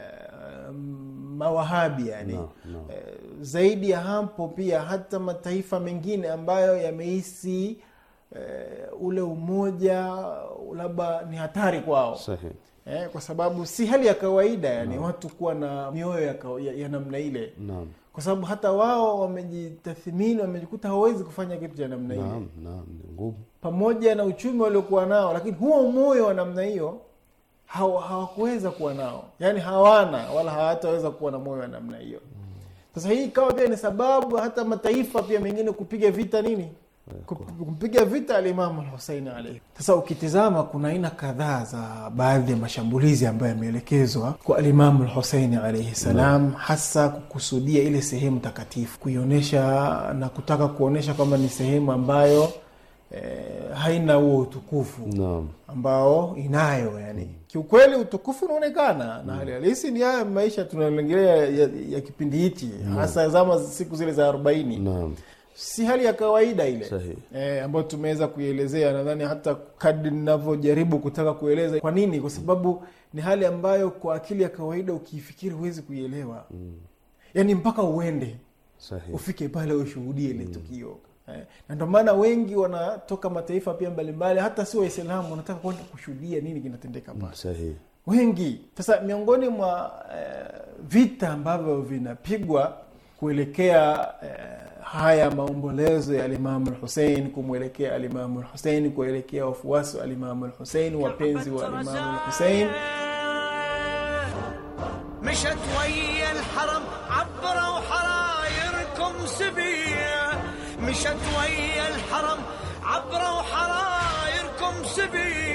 mawahabi yani no, no. E, zaidi ya hapo pia hata mataifa mengine ambayo yamehisi e, ule umoja labda ni hatari kwao e, kwa sababu si hali ya kawaida yani no. watu kuwa na mioyo ya, ya, ya namna ile no. kwa sababu hata wao wamejitathimini wamejikuta hawawezi kufanya kitu cha namna ile no, no, pamoja na uchumi waliokuwa nao, lakini huo moyo wa namna hiyo hawakuweza kuwa nao, yaani hawana wala hawataweza kuwa na moyo wa namna hiyo. Sasa hii ikawa pia ni sababu hata mataifa pia mengine kupiga vita nini, kumpiga vita alimamu Alhuseini alaihi. Sasa ukitizama kuna aina kadhaa za baadhi ya mashambulizi ambayo yameelekezwa kwa alimamu Alhuseini alaihi salam, hasa kukusudia ile sehemu takatifu, kuionyesha na kutaka kuonyesha kwamba ni sehemu ambayo eh, haina huo utukufu no. ambao inayo yani mm. kiukweli utukufu unaonekana mm. na hali halisi ni haya maisha tunalengelea ya, ya, ya kipindi hichi hasa zama siku zile za arobaini no. si hali ya kawaida ile eh, ambayo tumeweza kuielezea nadhani hata kadi ninavyojaribu kutaka kueleza kwa nini kwa sababu mm. ni hali ambayo kwa akili ya kawaida ukiifikiri huwezi kuielewa mm. yani mpaka uende Sahi. ufike pale ushuhudie ile mm. tukio Eh, na ndio maana wengi wanatoka mataifa pia mbalimbali hata si waislamu wanataka kwenda kushuhudia nini kinatendeka mm, pale wengi sasa miongoni mwa eh, vita ambavyo vinapigwa kuelekea eh, haya maombolezo ya alimamu lhusein kumwelekea alimamu lhusein kuelekea wafuasi wa alimamu lhusein wapenzi wa alimamu lhusein مشت ويا الحرم عبروا حرايركم سبيل مشت ويا الحرم عبروا حرايركم سبيل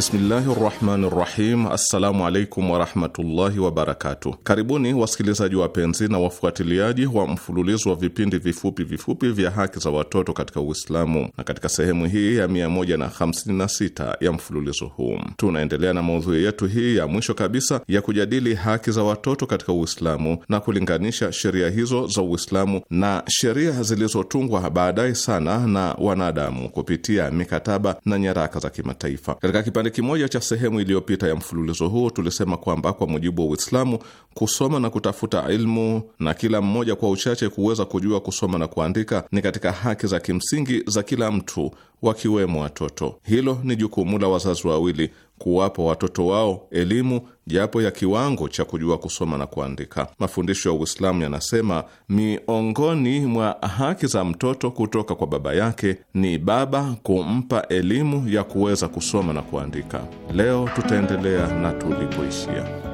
Bismillahi rahmani rahim. Assalamu alaikum warahmatullahi wabarakatuh. Karibuni wasikilizaji wapenzi na wafuatiliaji wa mfululizo wa vipindi vifupi vifupi vya haki za watoto katika Uislamu, na katika sehemu hii ya 156 ya mfululizo huu tunaendelea na maudhui yetu hii ya mwisho kabisa ya kujadili haki za watoto katika Uislamu na kulinganisha sheria hizo za Uislamu na sheria zilizotungwa baadaye sana na wanadamu kupitia mikataba na nyaraka za kimataifa. Katika kipande Kipande kimoja cha sehemu iliyopita ya mfululizo huo tulisema kwamba kwa mujibu wa Uislamu, kusoma na kutafuta ilmu na kila mmoja kwa uchache kuweza kujua kusoma na kuandika ni katika haki za kimsingi za kila mtu wakiwemo watoto. Hilo ni jukumu la wazazi wawili kuwapa watoto wao elimu japo ya kiwango cha kujua kusoma na kuandika. Mafundisho ya Uislamu yanasema miongoni mwa haki za mtoto kutoka kwa baba yake ni baba kumpa elimu ya kuweza kusoma na kuandika. Leo tutaendelea na tulipoishia.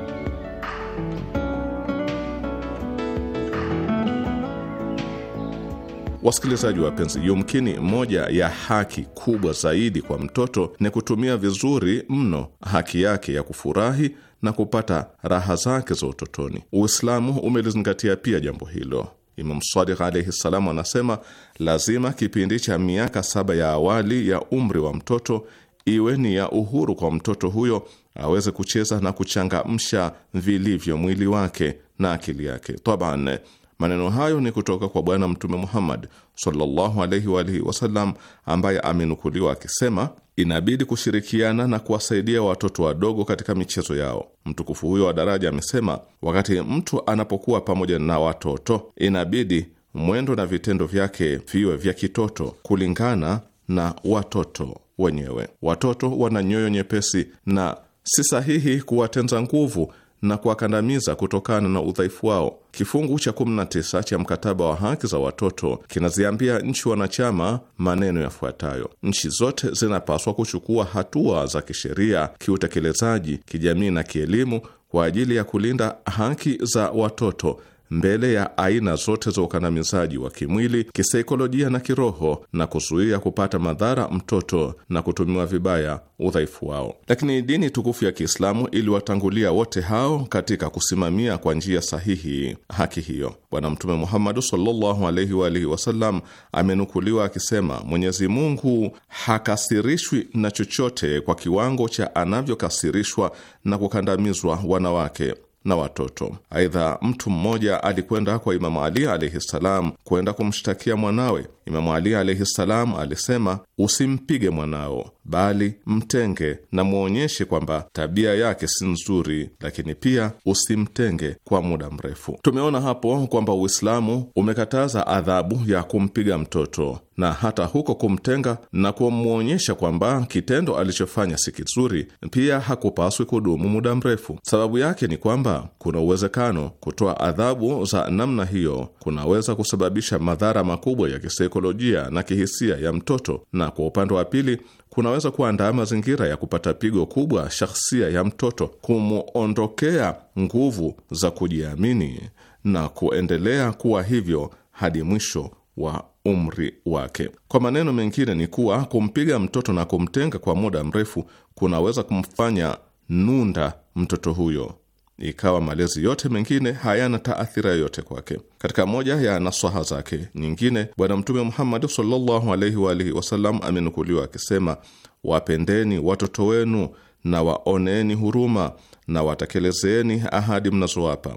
Wasikilizaji wapenzi, yumkini moja ya haki kubwa zaidi kwa mtoto ni kutumia vizuri mno haki yake ya kufurahi na kupata raha zake za utotoni. Uislamu umelizingatia pia jambo hilo. Imam Sadiq alaihi ssalam anasema lazima kipindi cha miaka saba ya awali ya umri wa mtoto iwe ni ya uhuru kwa mtoto huyo aweze kucheza na kuchangamsha vilivyo mwili wake na akili yake. Taban, Maneno hayo ni kutoka kwa Bwana Mtume Muhammad sallallahu alaihi wa alihi wasallam, ambaye amenukuliwa akisema, inabidi kushirikiana na kuwasaidia watoto wadogo katika michezo yao. Mtukufu huyo wa daraja amesema, wakati mtu anapokuwa pamoja na watoto, inabidi mwendo na vitendo vyake viwe vya kitoto kulingana na watoto wenyewe. Watoto wana nyoyo nyepesi na si sahihi kuwatenza nguvu na kuwakandamiza kutokana na udhaifu wao. Kifungu cha 19 cha mkataba wa haki za watoto kinaziambia nchi wanachama maneno yafuatayo: nchi zote zinapaswa kuchukua hatua za kisheria, kiutekelezaji, kijamii na kielimu kwa ajili ya kulinda haki za watoto mbele ya aina zote za ukandamizaji wa kimwili, kisaikolojia na kiroho, na kuzuia kupata madhara mtoto na kutumiwa vibaya udhaifu wao. Lakini dini tukufu ya Kiislamu iliwatangulia wote hao katika kusimamia kwa njia sahihi haki hiyo. Bwana Mtume Muhammadu sallallahu alaihi wa alihi wasallam amenukuliwa akisema, Mwenyezi Mungu hakasirishwi na chochote kwa kiwango cha anavyokasirishwa na kukandamizwa wanawake na watoto. Aidha, mtu mmoja alikwenda kwa Imamu Ali alaihi ssalam kwenda kumshtakia mwanawe. Imamu Ali alaihi ssalam alisema, usimpige mwanao, bali mtenge na mwonyeshe kwamba tabia yake si nzuri, lakini pia usimtenge kwa muda mrefu. Tumeona hapo kwamba Uislamu umekataza adhabu ya kumpiga mtoto na hata huko kumtenga na kumwonyesha kwamba kitendo alichofanya si kizuri, pia hakupaswi kudumu muda mrefu. Sababu yake ni kwamba kuna uwezekano kutoa adhabu za namna hiyo kunaweza kusababisha madhara makubwa ya kisaikolojia na kihisia ya mtoto, na kwa upande wa pili kunaweza kuandaa mazingira ya kupata pigo kubwa shahsia ya mtoto, kumwondokea nguvu za kujiamini na kuendelea kuwa hivyo hadi mwisho wa umri wake. Kwa maneno mengine, ni kuwa kumpiga mtoto na kumtenga kwa muda mrefu kunaweza kumfanya nunda mtoto huyo, ikawa malezi yote mengine hayana taathira yoyote kwake. Katika moja ya naswaha zake nyingine, Bwana Mtume Muhammad sallallahu alaihi wa alihi wasallam amenukuliwa akisema, wapendeni watoto wenu na waoneeni huruma na watekelezeeni ahadi mnazowapa.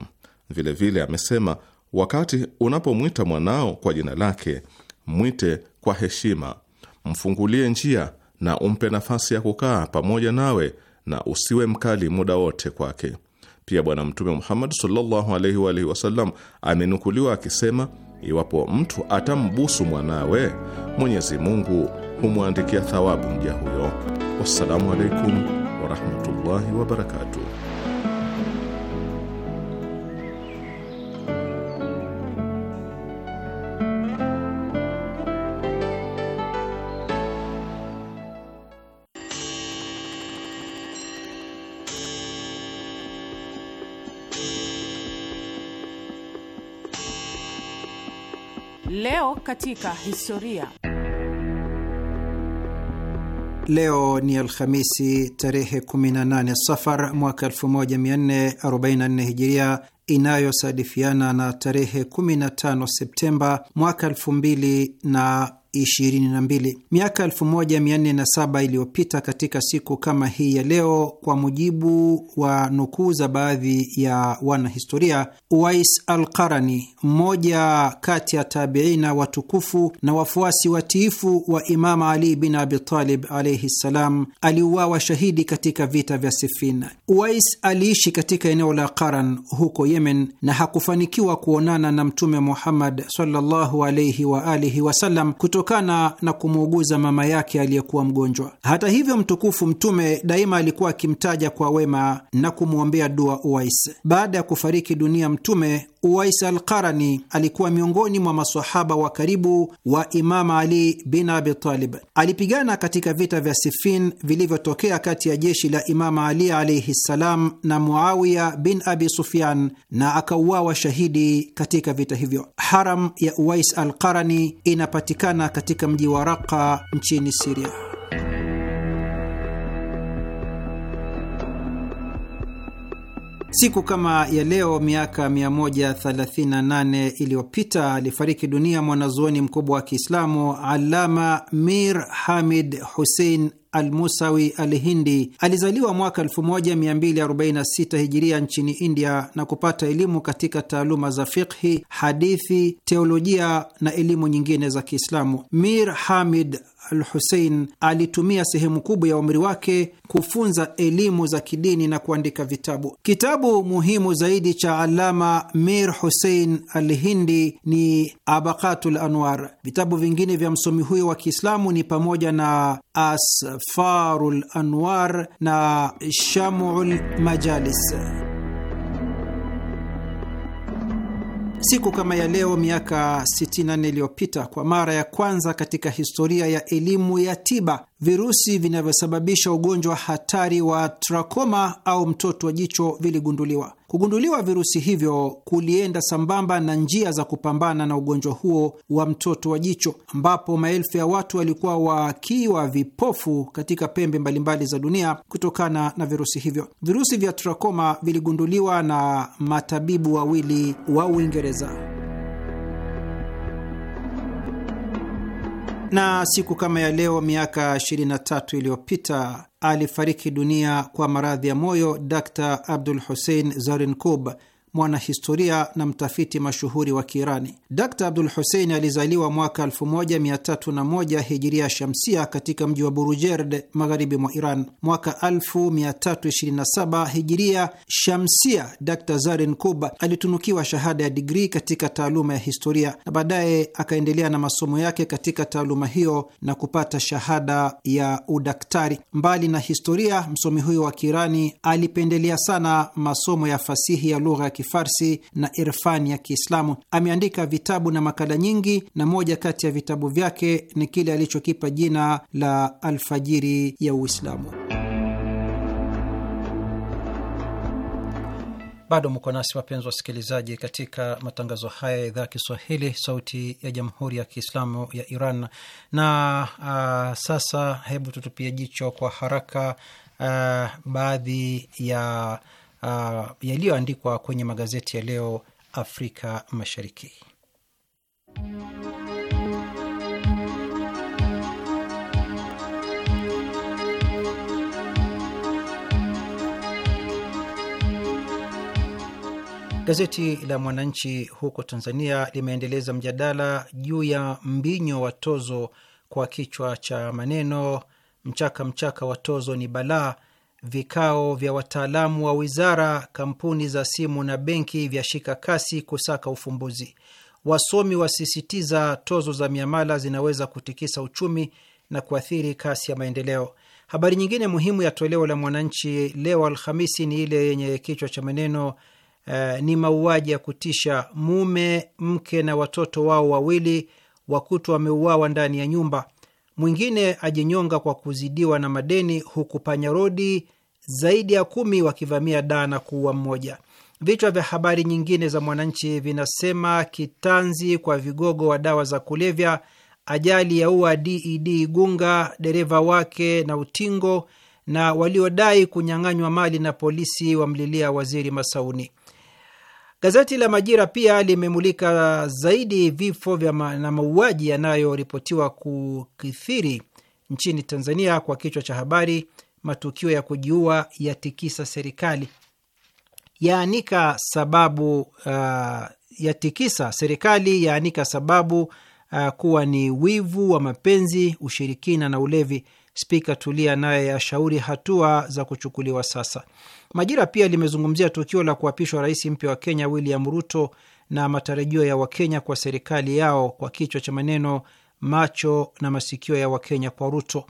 Vilevile amesema Wakati unapomwita mwanao kwa jina lake, mwite kwa heshima, mfungulie njia na umpe nafasi ya kukaa pamoja nawe, na usiwe mkali muda wote kwake. Pia Bwana Mtume Muhammad sallallahu alaihi wa alihi wasallam amenukuliwa akisema, iwapo mtu atambusu mwanawe, Mwenyezi Mungu humwandikia thawabu mja huyo. Wassalamu alaikum warahmatullahi wabarakatuh. Leo katika historia. Leo ni Alhamisi tarehe 18 Safar mwaka 1444 Hijiria, inayosadifiana na tarehe 15 Septemba mwaka 22. Miaka 1407 iliyopita katika siku kama hii ya leo, kwa mujibu wa nukuu za baadhi ya wanahistoria, Uwais al-Qarani, mmoja kati ya tabiina watukufu na wafuasi watiifu wa Imama Ali bin abitalib alaihi ssalam, aliuawa shahidi katika vita vya Sifin. Uwais aliishi katika eneo la Qaran huko Yemen na hakufanikiwa kuonana na Mtume Muhammad sallallahu alaihi wasallam kuto kutokana na kumuuguza mama yake aliyekuwa mgonjwa. Hata hivyo, mtukufu Mtume daima alikuwa akimtaja kwa wema na kumwombea dua Uwais. Baada ya kufariki dunia Mtume, Uwais Alqarani alikuwa miongoni mwa masahaba wa karibu wa Imam Ali bin Abi Talib. Alipigana katika vita vya Sifin vilivyotokea kati ya jeshi la Imam Ali alaihi ssalam na Muawiya bin Abi Sufyan, na akauawa shahidi katika vita hivyo. Haram ya Uwais Alqarani inapatikana katika mji wa Raqa nchini Siria. Siku kama ya leo miaka 138 iliyopita alifariki dunia mwanazuoni mkubwa wa Kiislamu Alama Mir Hamid Hussein Almusawi Alhindi. Alizaliwa mwaka 1246 hijiria nchini India na kupata elimu katika taaluma za fikhi, hadithi, teolojia na elimu nyingine za Kiislamu. Mir Hamid al Husein alitumia sehemu kubwa ya umri wake kufunza elimu za kidini na kuandika vitabu. Kitabu muhimu zaidi cha Alama Mir Husein al Hindi ni l Anwar. Vitabu vingine vya msomi huyo wa Kiislamu ni pamoja na Asfarul Anwar na Shamul Majalis. Siku kama ya leo miaka 64 iliyopita, kwa mara ya kwanza katika historia ya elimu ya tiba, virusi vinavyosababisha ugonjwa hatari wa trakoma au mtoto wa jicho viligunduliwa. Kugunduliwa virusi hivyo kulienda sambamba na njia za kupambana na ugonjwa huo wa mtoto wa jicho, ambapo maelfu ya watu walikuwa wakiwa vipofu katika pembe mbalimbali za dunia kutokana na virusi hivyo. Virusi vya trakoma viligunduliwa na matabibu wawili wa Uingereza. Na siku kama ya leo miaka 23 iliyopita alifariki dunia kwa maradhi ya moyo Dr Abdul Hussein Zarinkub, mwanahistoria na mtafiti mashuhuri wa Kiirani. Dkt Abdul Husein alizaliwa mwaka 1301 hijiria shamsia katika mji wa Burujerd, magharibi mwa Iran. Mwaka 1327 hijiria shamsia, d Zarin kub alitunukiwa shahada ya digri katika taaluma ya historia na baadaye akaendelea na masomo yake katika taaluma hiyo na kupata shahada ya udaktari. Mbali na historia, msomi huyo wa Kiirani alipendelea sana masomo ya fasihi ya lugha ya Kifarsi na irfani ya Kiislamu. Ameandika vitabu na makala nyingi, na moja kati ya vitabu vyake ni kile alichokipa jina la Alfajiri ya Uislamu. Bado mko nasi wapenzi wasikilizaji, katika matangazo haya ya idhaa ya Kiswahili, sauti ya jamhuri ya kiislamu ya Iran. Na uh, sasa hebu tutupie jicho kwa haraka uh, baadhi ya uh, yaliyoandikwa kwenye magazeti ya leo Afrika Mashariki. Gazeti la Mwananchi huko Tanzania limeendeleza mjadala juu ya mbinyo wa tozo kwa kichwa cha maneno mchaka mchaka wa tozo ni balaa vikao vya wataalamu wa wizara, kampuni za simu na benki vyashika kasi kusaka ufumbuzi. Wasomi wasisitiza tozo za miamala zinaweza kutikisa uchumi na kuathiri kasi ya maendeleo. Habari nyingine muhimu ya toleo la Mwananchi leo Alhamisi ni ile yenye kichwa cha maneno Uh, ni mauaji ya kutisha. Mume, mke na watoto wao wawili wakutwa wameuawa ndani ya nyumba mwingine ajinyonga kwa kuzidiwa na madeni, huku panyarodi zaidi ya kumi wakivamia daa na kuua mmoja. Vichwa vya habari nyingine za Mwananchi vinasema kitanzi kwa vigogo wa dawa za kulevya, ajali ya ua DED Igunga, dereva wake na utingo, na waliodai kunyang'anywa mali na polisi wamlilia waziri Masauni. Gazeti la Majira pia limemulika zaidi vifo vya ma, na mauaji yanayoripotiwa kukithiri nchini Tanzania kwa kichwa cha habari, matukio ya kujiua yatikisa serikali, yaanika sababu uh, yatikisa serikali, yaanika sababu uh, kuwa ni wivu wa mapenzi, ushirikina na ulevi. Spika Tulia naye ashauri hatua za kuchukuliwa sasa. Majira pia limezungumzia tukio la kuapishwa rais mpya wa Kenya William Ruto na matarajio ya Wakenya kwa serikali yao kwa kichwa cha maneno macho na masikio ya Wakenya kwa Ruto.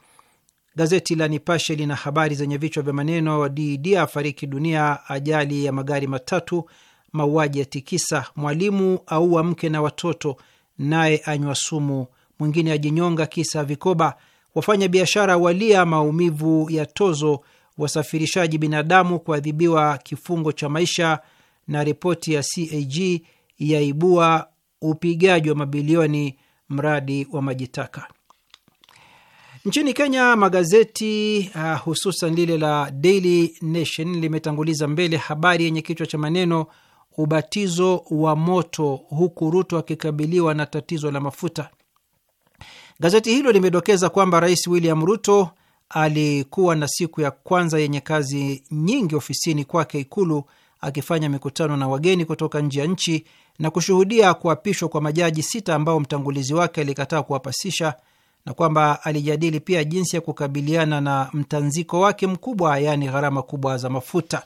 Gazeti la Nipashe lina habari zenye vichwa vya maneno DD afariki dunia ajali ya magari matatu, mauaji ya tikisa, mwalimu aua mke na watoto, naye anywa sumu, mwingine ajinyonga kisa vikoba, wafanya biashara walia maumivu ya tozo, wasafirishaji binadamu kuadhibiwa kifungo cha maisha, na ripoti ya CAG yaibua upigaji wa mabilioni mradi wa maji taka Nchini Kenya, magazeti uh, hususan lile la Daily Nation limetanguliza mbele habari yenye kichwa cha maneno ubatizo wa moto, huku Ruto akikabiliwa na tatizo la mafuta. Gazeti hilo limedokeza kwamba Rais William Ruto alikuwa na siku ya kwanza yenye kazi nyingi ofisini kwake Ikulu, akifanya mikutano na wageni kutoka nje ya nchi na kushuhudia kuapishwa kwa majaji sita ambao mtangulizi wake alikataa kuwapasisha na kwamba alijadili pia jinsi ya kukabiliana na mtanziko wake mkubwa, yaani gharama kubwa za mafuta.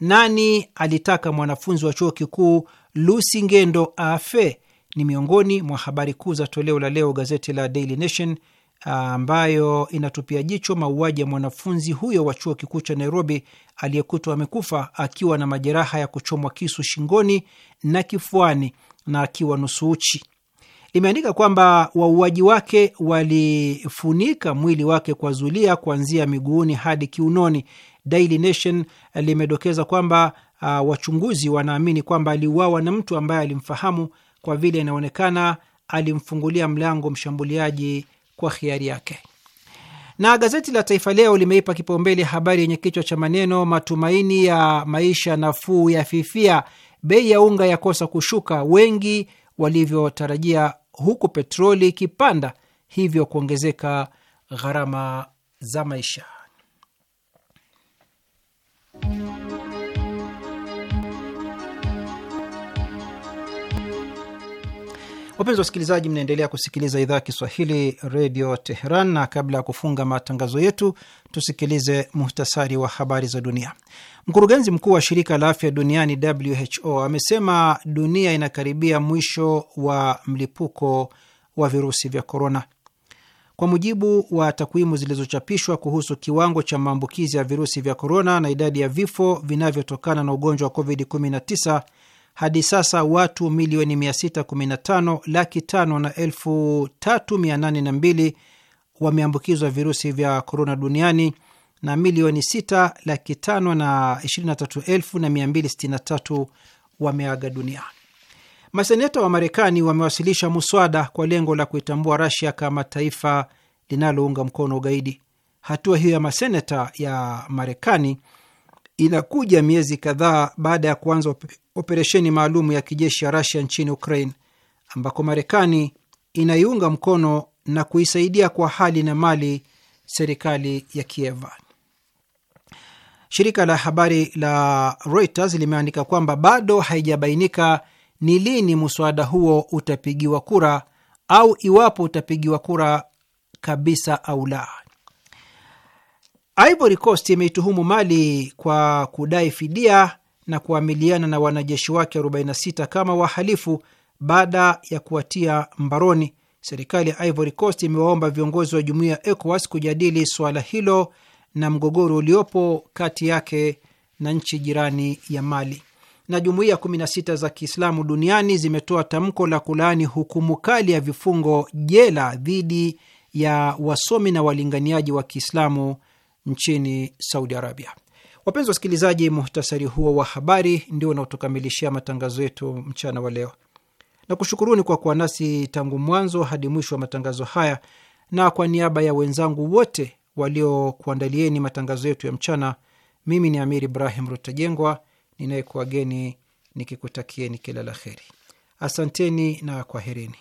Nani alitaka mwanafunzi wa chuo kikuu Lucy Ngendo afe ni miongoni mwa habari kuu za toleo la leo gazeti la Daily Nation ambayo inatupia jicho mauaji ya mwanafunzi huyo wa chuo kikuu cha Nairobi aliyekutwa amekufa akiwa na majeraha ya kuchomwa kisu shingoni na kifuani na akiwa nusu uchi. Limeandika kwamba wauaji wake walifunika mwili wake kwa zulia kuanzia miguuni hadi kiunoni. Daily Nation limedokeza kwamba uh, wachunguzi wanaamini kwamba aliuawa na mtu ambaye alimfahamu kwa vile inaonekana alimfungulia mlango mshambuliaji kwa hiari yake. Na gazeti la Taifa Leo limeipa kipaumbele habari yenye kichwa cha maneno matumaini ya maisha nafuu ya fifia bei ya unga yakosa kushuka wengi walivyotarajia, huku petroli ikipanda, hivyo kuongezeka gharama za maisha. Wapenzi wasikilizaji, mnaendelea kusikiliza idhaa ya Kiswahili redio Teheran, na kabla ya kufunga matangazo yetu tusikilize muhtasari wa habari za dunia. Mkurugenzi mkuu wa shirika la afya duniani WHO amesema dunia inakaribia mwisho wa mlipuko wa virusi vya korona. Kwa mujibu wa takwimu zilizochapishwa kuhusu kiwango cha maambukizi ya virusi vya korona na idadi ya vifo vinavyotokana na ugonjwa wa COVID-19 hadi sasa watu milioni 615 laki tano na elfu tatu mia nane na mbili wameambukizwa virusi vya korona duniani na milioni 6 laki tano na ishirini elfu na mia mbili na tatu wameaga dunia. Maseneta wa Marekani wamewasilisha muswada kwa lengo la kuitambua Rasia kama taifa linalounga mkono ugaidi. Hatua hiyo ya maseneta ya Marekani inakuja miezi kadhaa baada ya kuanza operesheni maalum ya kijeshi ya rasia nchini Ukraine ambako Marekani inaiunga mkono na kuisaidia kwa hali na mali serikali ya Kiev. Shirika la habari la Reuters limeandika kwamba bado haijabainika ni lini mswada huo utapigiwa kura au iwapo utapigiwa kura kabisa au la. Ivory Coast imeituhumu Mali kwa kudai fidia na kuamiliana na wanajeshi wake 46 kama wahalifu baada ya kuwatia mbaroni. Serikali ya Ivory Coast imewaomba viongozi wa jumuiya ya ECOWAS kujadili suala hilo na mgogoro uliopo kati yake na nchi jirani ya Mali. Na jumuiya 16 za Kiislamu duniani zimetoa tamko la kulaani hukumu kali ya vifungo jela dhidi ya wasomi na walinganiaji wa Kiislamu nchini Saudi Arabia. Wapenzi wasikilizaji, muhtasari huo wa habari ndio unaotukamilishia matangazo yetu mchana wa leo, na kushukuruni kwa kuwa nasi tangu mwanzo hadi mwisho wa matangazo haya, na kwa niaba ya wenzangu wote waliokuandalieni matangazo yetu ya mchana, mimi ni Amir Ibrahim Rutajengwa ninayekuwageni nikikutakieni kila la heri. Asanteni na kwaherini.